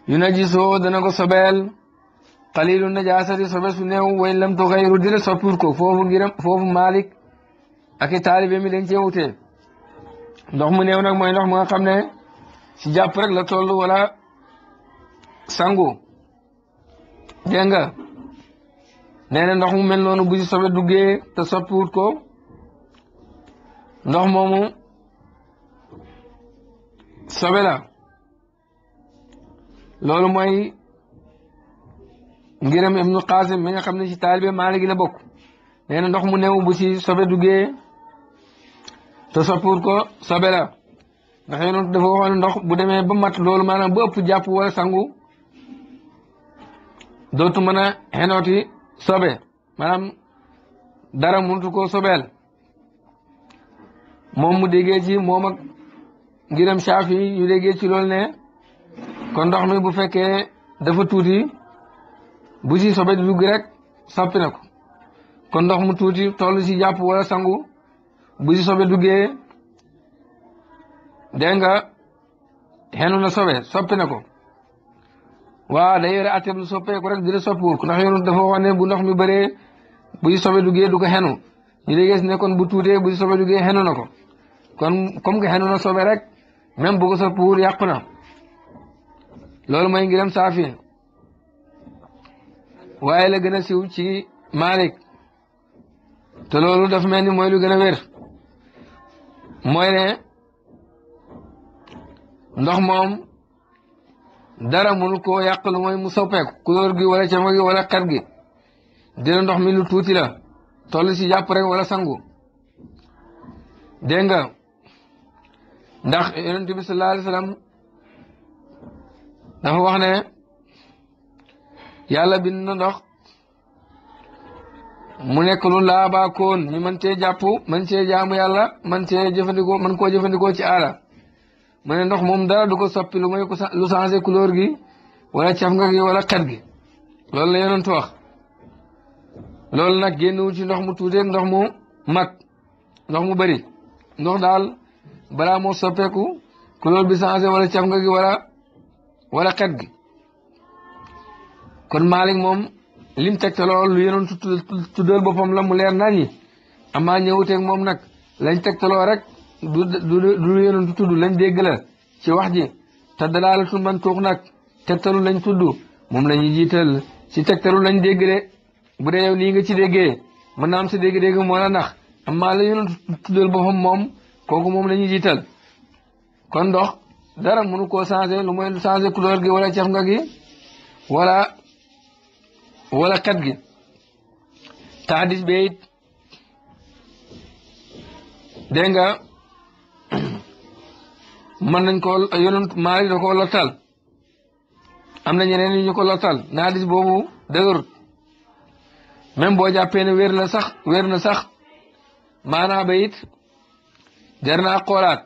yu najisoo dana ko sobeel قليل نجاسة صبر سنه وإن لم تغير دل صبركو فوف جرم فوف مالك أكي طالب يميل انت يوتي ndox mu néew nag mooy ndox mu nga xam ne si jàpp rek la نحن wala sangu dégg nga nee na ndox mu mel noonu bu si ngiram ibnu qasim mi nga xam ne ci taalibe Maalik la bokk nee na ndox mu new bu ci sobe duggee te soppuur ko sobe dafa ndox bu demee ba mat loolu maanaam bu jàpp wala sangu dootu mën a xenooti sobe maanaam dara mënut ko sobeel moom mu déggee ci moom ak ngiram Shaafi yu déggee ci loolu ne kon ndox mi bu fekkee dafa tuuti bu si sobe dugg rek soppi na ko kon ndox mu tuuti toll ci jàpp wala sangu bu ci sobe duggee dégg nga xenu na sobe soppi na ko waa day yore atteeb lu soppeeku rek di soppiwul ko ndax yoonu dafa bu ndox mi baree bu ci sobe duggee du ko xenu ñu dee gis ne kon bu tuutee bu ci sobe duggee xenu na ko kon comme que xenu na sobe rek même bu ko soppiwul yàqu na loolu mooy ngiram saafi waaye la gën a siw ci Malik te loolu daf mel ni mooy lu gën a wér mooy ne ndox moom dara mënu koo yàq lu mooy mu soppeeku couleur gi wala cama gi wala xet gi dina ndox mi lu tuuti la toll si jàpp rek wala sangu dégg nga ndax yonent bi sallallahu alayhi wa dafa wax ne yalla bind na ndox mu nekk lu laabaakoon ñu mën cee jàpp mën cee jaamu yàlla mën cee jëfandikoo mën koo jëfandikoo ci aada mu ne ndox moom dara du ko soppi lu may lu changé couleur gi wala caf nga gi wala xet gi loolu la yonent wax loolu nag génnwul ci ndox mu tuuteeg ndox mu mag ndox mu bëri ndox daal balaa moo soppeeku couleur bi changé wala caf nga gi wala wala xet gi kon Malik mom lim lol lu yenoon tudal bopam la mu leer nañi amma ñëwuteeg mom nak lañ lol rek du du lu tuddu lañ dégg la ci wax ji ta dalalatu man tuux nag tegtalu lañ tudd moom la ñuy jiital ci tegtalu lañ dégg de bu de yow li nga ci degge man naa am sa dégg-dégg moo la nax amma la yenoon tuddal bopam mom koku mom lañ jital kon dox dara mënu ko changer lu moy changer couleur gi wala chef nga gi wala wala kat gi te hadis bi it dégg nga mën nañ ko yonent maari ko lottal am na ñeneen yu ñu ko lottal na hadis boobu dëgërut même boo jàppee ne wér na sax wér na sax maanaa ba jar naa xoolaat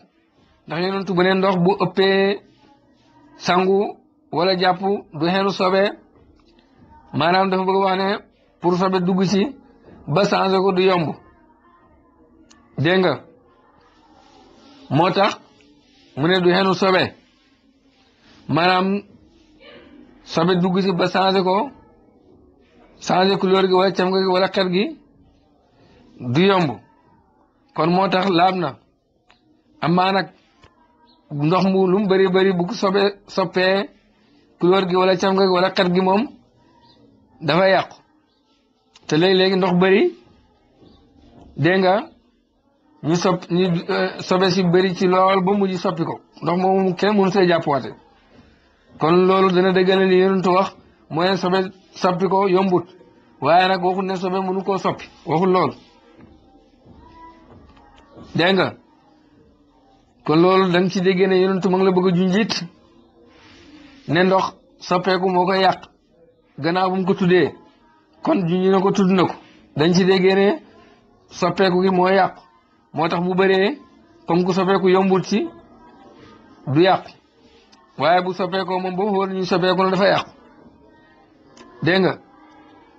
ndax yonentu bu ne ndox bu ëppee sangu wala jàpp du xeenu sobee maanaam dafa bëgg wax ne pour sobe dugg ci ba changé ko du yomb dégg nga moo tax mu ne du xenu sobe maanaam sobe dugg ci ba changé ko changé couleur gi wala cam gi wala xet gi du yomb kon moo tax laab na amaa nag ndox mu lu mu bëri bëri bu ko sobe soppee couleur gi wala cam gi wala xet gi moom dafay yàq te léegi-léegi ndox bari dégg nga ñu sob ñu euh, sobe si bëri ci lool ba mujj soppi ko ndox moom kenn mënu see jàppwaate kon loolu dana dëggal li yonentu wax mooy sobe soppi ko yombut waaye nag waxul ne sobe mënu koo soppi waxul lool dégg nga kon loolu da ci déggee ne yonentu ma la bëgg a junjit ne ndox soppeeku moo koy yàq gannaaw bu ko tuddee kon juñu na ko tudd na ko dañ ci déggee ne soppeeku gi moo yàqu moo tax bu bëree comme ku soppeeku yombul ci du yàqu waaye bu soppeekoo moom boobu wóor ñu soppeeku na dafa yàqu dégg nga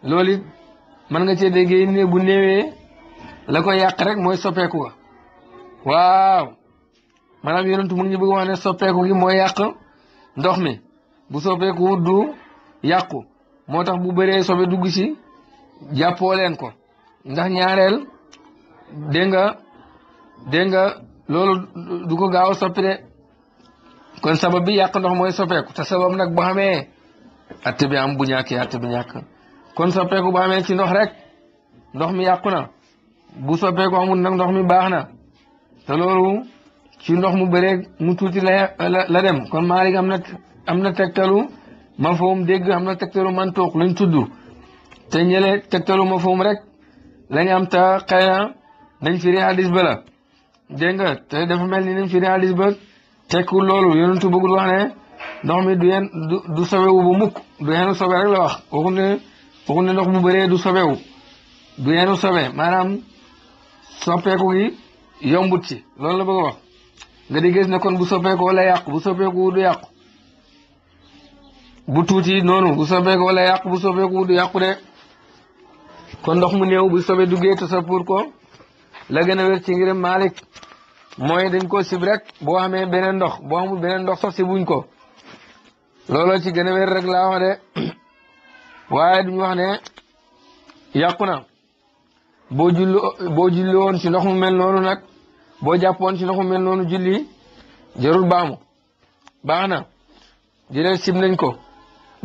loolu it mën nga cee déggee ne bu la ko yàq rek mooy soppeeku ga waaw maanaam yonentu mu ngi ñu bëgg wax ne soppeeku gi mooy yàq ndox mi bu soppeeku du yàqu moo tax bu bëree sobe dugg ci jàppoo leen ko ndax ñaareel dégg nga dégg nga loolu du gaaw a soppi de kon sabab bi yàq ndox mooy soppeeku te sabab nag bu xamee atte bi am bu ñàkkee atte bi kon soppeeku bu amee ci ndox rek ndox mi yàqu na bu soppeeku amul nag ndox mi baax na te loolu ci ndox mu bëree mu tuuti la la dem kon Maalik am na am na mafhum dégg am na tegtalu mantuq luñ tudd te ñële tegtalu mafhum rek lañ am ta xëy na nañ firi hadis ba la dégg nga te dafa mel ni nañ firi hadis ba tekkul loolu yonentu bëggul wax ne ndox mi du yen du du sobewu bu mukk du yenu sobe rek la wax waxu ne waxu ndox bu bëree du sobewu du yenu sobe maanaam soppeeku gi yombut ci loolu la bëgg a wax nga di gis ne kon bu soppeekoo la yàqu bu soppeeku du yàqu bu tuuti noonu bu ko wala yàqu bu sobeeku du yàqu de kon ndox mu néew bu sobe duggee te sa pour ko la gën a wér ci ngir Malik mooy dañ ko sib rek boo xamee beneen ndox boo xamul beneen ndox sax si buñ ko looloo ci gën a wér rek laa wax de waaye duñu wax ne yàqu na boo julli boo julli woon ci ndox mu mel noonu nag boo woon ci ndox mu mel noonu julli jarul baamu baax na di leen sib nañ ko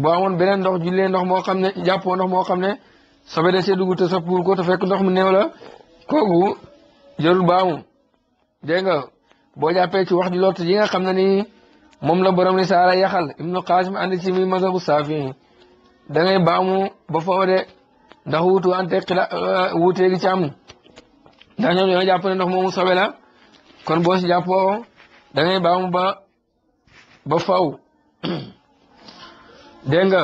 boo amoon beneen ndox jullee ndox moo xam ne jàppoo ndox moo xam ne sobe da see dugg te soppiwul ko te fekk ndox mu néew la kooku jarul baamu dégg nga boo jàppee ci wax ji lott yi nga xam ne nii moom la borom ni saara yaxal ibnu qasim ànd ci mi masabu saafi da baamu ba foo de ndax wuutu ante xila euh, wuutee gi ci am ndax ñoom ñoo jàpp ne ndox moomu sobe la kon boo si jàppoo da ngay baamu ba ba faw dégg nga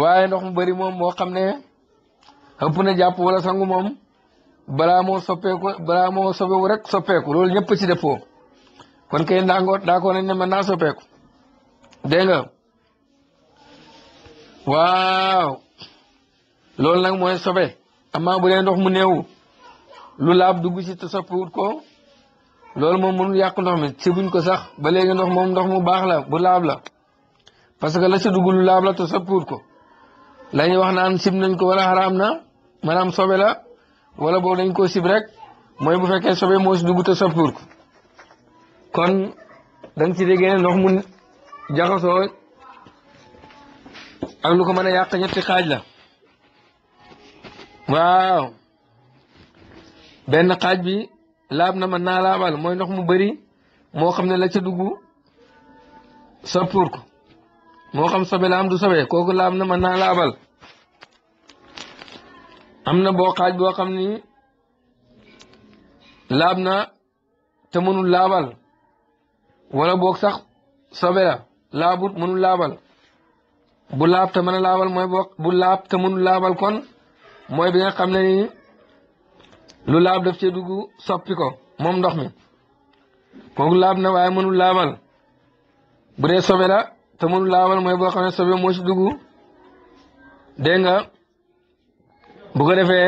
waaye ndox mu bëri moom moo xam ne ëpp na jàpp wala sangu moom balaa moo soppeeku balaa moo soppeeku rek soppeeku loolu ñëpp ci dëppoo kon kay ndaangoo daakoo nañ ne mën naa soppeeku dégg nga waaw loolu nag mooy sobe amaa bu dee ndox mu néew lu laab dugg ci te soppiwut ko loolu moom mënul yàq ndox mi ci buñ ko sax ba léegi ndox moom ndox mu baax la bu laab la parce que la ca dugg lu laab la te sappuut ko la ñuy wax naan sib nañ ko wala xaraam na maanaam sobe la wala boobu dañ koo sib rek mooy bu fekkee sobe moo si dugg te sappuut ko kon da ci déggee ne ndox mu jaxasoo ak lu ko mën a yàq ñetti xaaj la waaw benn xaaj bi laab na mën naa laabal mooy ndox mu bari moo xam ne la ca dugg sappuur ko moo xam sobe laam du sobe kooku laab na mën naa laabal am na boo xaaj boo xam ni laab na te mënul laabal wala boog sax sobe la laabut mënul laabal bu laab te mën a laabal mooy boo bu laab te mënul laabal kon mooy bi nga xam ne ni lu laab def cee dugg soppi ko moom ndox mi kooku laab na waaye mënul laabal bu dee sobe la tamun lawal moy bo xamne sobe mo ci duggu de nga bu ko defé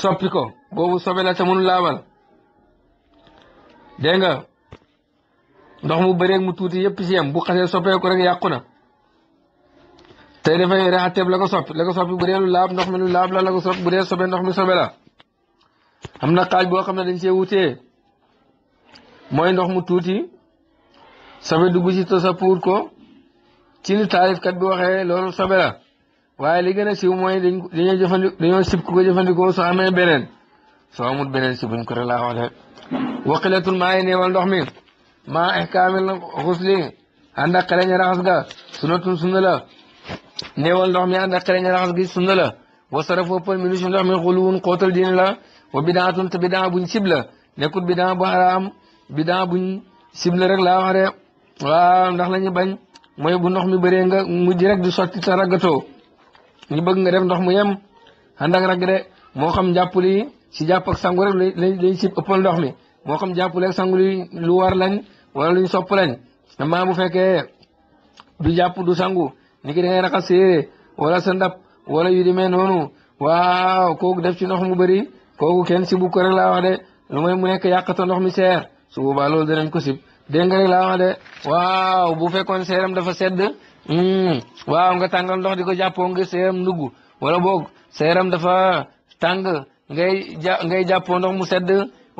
sopiko ko boobu sobe la tamun lawal de nga ndox mu bari ak mu tuti yep ci yam bu xasse soppee ko rek yakuna na defay dafay yore la ko sopi la ko sopi bu dee lu laab ndox melu lu laab la la ko sopi bu dee sobe ndox mi sobe la amna xaj bo xamne dañ ci wuté moy ndox mu tuti sabe dugg ci tasappuur ko ci ni taarifkat bi waxee loolu sabe la waaye li gën a siiw mooy dañoo dañoo jëfandikoo dañoo sib ko jëfandikoo soo amee beneen soo amul beneen si buñ ko doon laaxoon rek wa maa yi néewal ndox mi maa ihkaamil xusli ànd ak xereñ raxas ga sunnatun sunna la néewal ndox mi ànd ak xereñ raxas gi sunna la wa saraf wëppal mi lu si ndox mi xuluwun xóotal diin la wa bidaatun bu araam bidaa buñ sib la rek waaw ndax lañ ñu bañ mooy bu ndox mi bëree nga mujj rek di sotti sa raggatoo ñu bëgg nga def ndox mu yem ànd ak de moo xam jàppali si jàpp ak sangu rek lañ lañ si ëppal ndox mi moo xam jàppale ak sangu lu war lañ wala luñ sopp lañ amaa bu fekkee du jàpp du sangu ni ki da ngay raxas sa yére wala sa ndab wala yu demee noonu waaw kooku def ci ndox mu bari kooku kenn si ko rek laa wax de lu mooy mu nekk yàqata ndox mi seer su boobaa loolu danañ ko sib dégg nga rek laa wax de waaw bu fekkoon seeram dafa sedd hmm, waaw nga tàngal ndox di ko jàppoo ngir seeram ndugg wala boog seeram dafa tàng ngay ngay jàppoo ndox mu sedd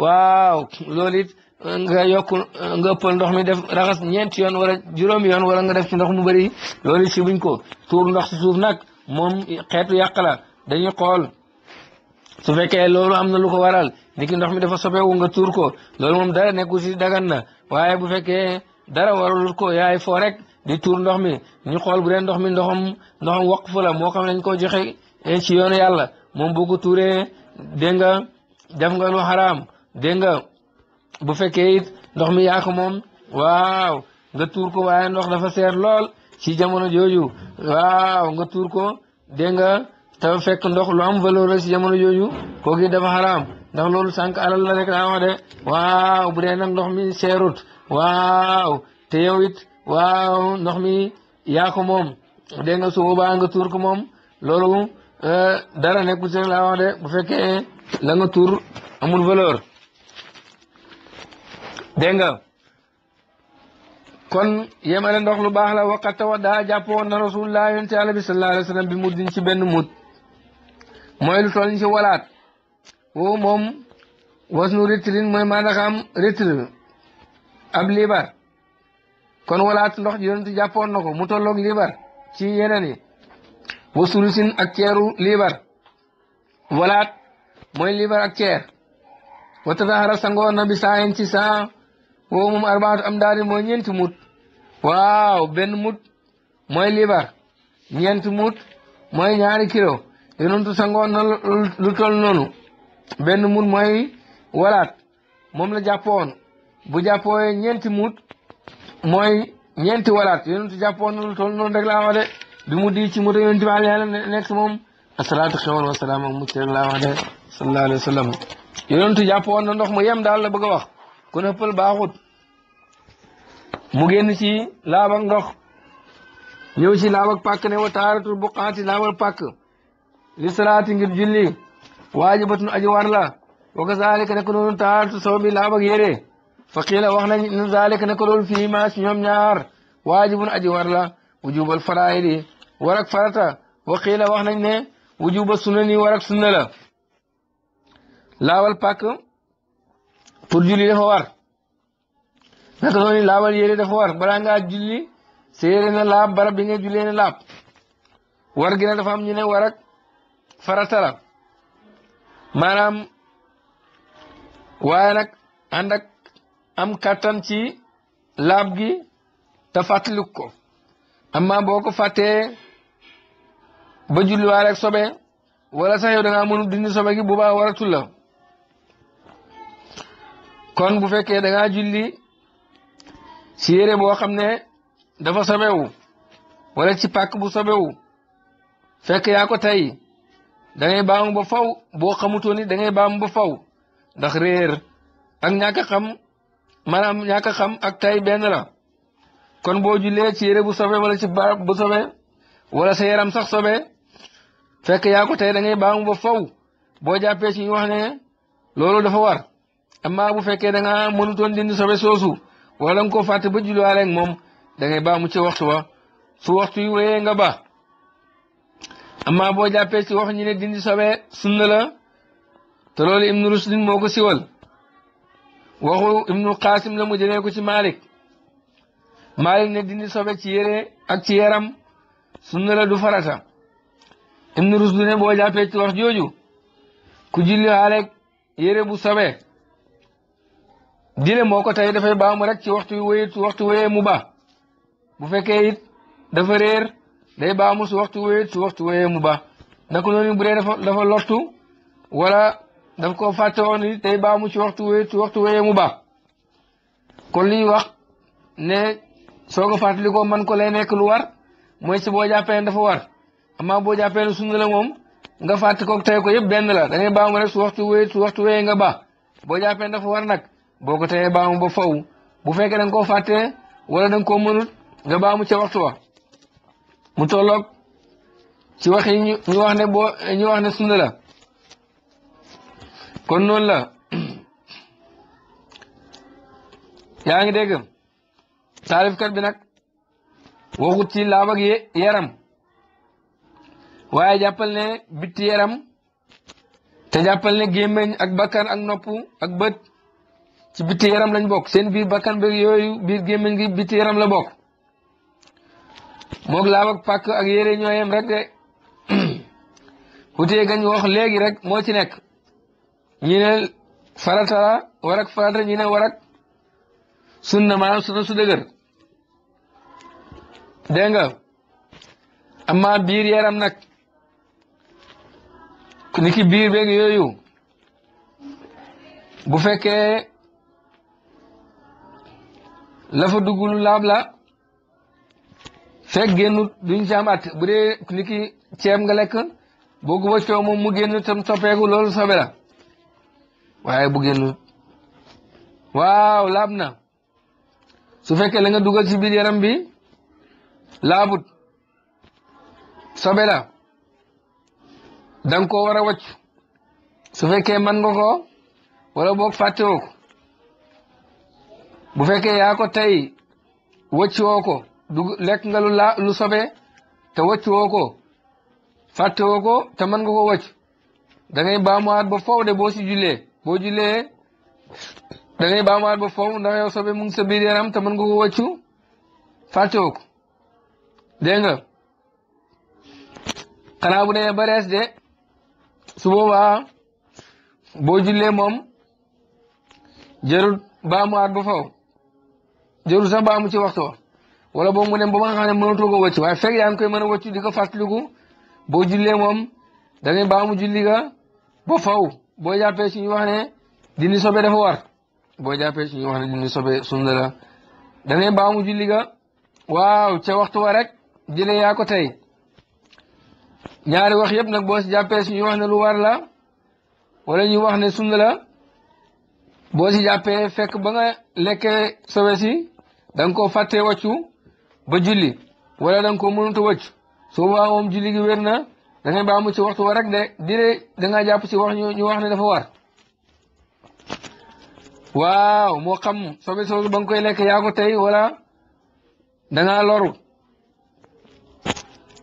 waaw loolu it euh, nga yokk euh, nga ëppal ndox mi def raxas ñeenti yoon wala juróomi yoon wala nga def ci ndox mu bëri loolu si buñ ko ndox si suuf nag moom xeetu yàq la dañuy xool su fekkee loolu am na lu ko waral niki ndox mi dafa sopeewu nga tuur ko loolu moom dara nekku si dagan na waaye bu fekkee dara warul ko yaay foo rek di tuur ndox mi ñu xool bu dee ndox mi ndoxam ndoxam waqfu la moo xam lañ ko joxe eh, ci yoonu yàlla moom boo ko tuuree dégg nga def nga lu xaraam dégg nga bu fekkee it ndox mi yaa ko moom waaw nga tuur ko waaye ndox dafa seer lool ci jamono jooju waaw nga tuur ko dégg nga te fekk ndox lu am valeur la ci jamono jooju kooku dafa xaraam ndax loolu sànq alal la rek laa wax de waaw bu dee nag ndox mi seerut waaw te yow it waaw ndox mi yaa ko moom dégg nga nga tuur ko moom loolu euh, dara nekkul si la wax de bu fekkee la tuur amul valeur dégg nga kon yemale ndox lu baax la waqat tawa daa jàppoon na rasulullah yonent yàlla bi sallallahu alayhi wa sallam bi muddin ci benn mut mooy lu toll ci walaat woowu moom wasnu ritrin mooy maanaam ritr ab liibar kon walaat ndox yonent jàppoon na ko mutolook libar ci yeneen yi wa ak ceeru liibar walaat mooy liibar ak ceer wa tatahara sangoo na bi ci saa woowu moom arbaatu am daari mooy ñeenti mut waaw benn mut mooy liibar ñeenti mut mooy ñaari kilo yonentu sangoon na lu noonu benn mun mooy walaat moom la jàppoon bu jàppooyee ñeenti mut mooy ñeenti walaat yonentu jàppoon lu toll noonu rek laa wax de bi mu di ci mu yonent bi alayhi yàlla nekk moom asalaatu xewal wasalaam ak mucc laa wax de sallallahu alayhi wa sallam yonentu jàppoon na ndox mu yem daal la bëgg wax ku ne pël mu génn ci laab ak ndox ñëw ci laab ak pàkk ne wa taaratul buqaati laab ak li salaati ngir julli waajibatun aji war la wa kazalika naka noonu taaratu saw bi laab ak yére fa qiila wax nañ ne zalika naka loolu fii maa si ñoom ñaar waajibun aji war la wujubal faraayidi war ak farata wa qiila wax nañ ne wujuba sunani war ak sunna la laawal pàkk pour julli dafa war naka noonu laawal yére dafa war balaa ngaa julli sa na laab barab bi nga jullee na laab war gi na dafa am ñu ne war farata la maanaam waaye nag ànd am kàttan ci laab gi te fàttaliku ko amma boo ko fàttee ba julliwaale ak sobe wala sax yow da ngaa dindi sobe gi bu baa waratul la kon bu fekkee da ngaa julli ci yére boo xam ne dafa sobewu wala ci pàkk bu sobewu fekk yaa ko tey da ngay ba faw boo xamutoo ni da ngay baamu ba faw ndax réer ak ñàkk xam maanaam ñàkk xam ak tay benn la kon boo jullee ci yére bu sobe wala ci barab bu sobe wala sa yaram sax sobe fekk yaa ko tey da ngay baamu ba faw boo jàppee ci ñu wax ne loolu dafa war amma bu fekkee da nga mënutoon dindi sobe soosu wala nga ko fàtte ba julliwaale ak moom da ngay baamu ci waxtu wa su waxtu yi nga ba amma boo jàppee si wax ñu dindi sobe sunna la te loolu ibnu rusdin moo ko siwal waxu ibnu xaasim la mu jëlee ko ci malik malik ne dindi sobe ci yére ak ci yaram sunna du farata ibnu rusdin ne boo jàppee ci wax jooju ku julli xaaleeg yére bu sobe dile moo ko tey dafay baamu rek ci waxtu wéyit waxtu wéyee mu ba bu fekkee dafa réer day baa mu su waxtu wéyee su waxtu wéyee mu ba naka noonu bu dee dafa dafa lottu wala daf ko fàtte woon ni day baamu ci waxtu wéyee waxtu wéyee mu ba kon liy wax ne soo ko fàttalikoo man ko lay nekk lu war mooy si boo jàppee dafa war amaa boo jàppee sunna la moom nga fàtte ko tey ko yëpp benn la da ngay baamu rek su waxtu wéyee su waxtu wéyee nga ba boo jàppee dafa war nag boo ko teyee baamu ba faw bu fekkee da nga koo fàttee wala da koo mënut nga baamu ca waxtu wa mu tolloog ci wax yi wax ne boo ñu wax ne sunna la kon noonu la yaa ngi dégg taalifkat bi nag waxut ci laab ak yaram waaye jàppal ne bitti yaram te jàppal ne gémmeñ ak bakkan ak nopp ak bët ci bitti yaram lañ bokk seen biir bakkan beeg yooyu biir gémmeñ gi bitti yaram la bokk moog laab ak pàkk ak yére ñoo yem rek de wutee gañ wax léegi rek moo ci nekk ñu ne farata la war ak farata ñu ne war ak sunna maanaam biir yaram nag ni ki biir beeg yooyu bu fekkee la laab la fekk génnut duñ si bu dee ni ceeb nga lekk boo ko moom mu génn tam soppeeku loolu sobe waaye bu génnut waaw laab na su fekkee la nga dugal ci biir yaram bi laabut sobe la ko nga koo war a wàcc su fekkee man nga ko wala boog fàttewoo ko bu fekkee yaako tey wëccoo ko lekk nga lu la lu sobee te wëcc woo ko fàtte woo ko te mën nga ko wëcc da ngay baamuwaat ba foofu de bo si jullee bo jullee da ngay baamuwaat ba foofu ndax yow sobe mu ngi sa biir yaram te man nga ko wëccu fàtte woo ko nga xanaa bu ne bares de su bo boobaa boo jullee moom jarul baamuwaat ba foofu jarul sax baamu ci waxto wala boobu mu dem ba nga xam ne mënatoo ko wëcc waaye fekk yaa ngi koy mën a wëcc di ko fàttaliku boo jullee moom da ngay baamu julli ga ba faw boo jàppee suñu wax ne dindi sobe dafa war boo jàppee suñu wax ne dindi sobe sunna la da ngay baamu julli ga waaw ca waxtu wa rek jëlee yaa ko ñaari wax yëpp nag boo si jàppee suñu wax ne lu war la wala ñu wax ne sunna la boo si jàppee fekk ba nga lekkee sobe si da nga koo fàttee wàccu ba julli wala da nga ko mënut a wëcc su boobaa moom julli gi wér na da ngay baamu ci waxtu war rek de dire da ngaa jàpp ci wax ñu wax ne dafa war waaw moo xam sobe soosu ba nga koy lekk yaa ko tey wala danga ngaa loru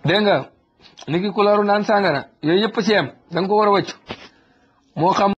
dégg nga nit ki ku loru naan sàngara yooyu yëpp ci yem da ko war a wëcc moo xam